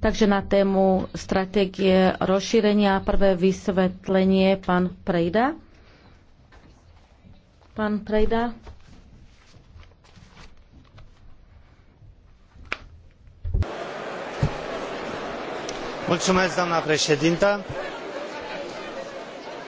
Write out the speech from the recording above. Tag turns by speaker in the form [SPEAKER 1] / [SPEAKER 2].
[SPEAKER 1] Takže na tému stratégie rozšírenia prvé vysvetlenie pán Prejda. Pán Prejda.
[SPEAKER 2] Mulțumesc, doamna președintă.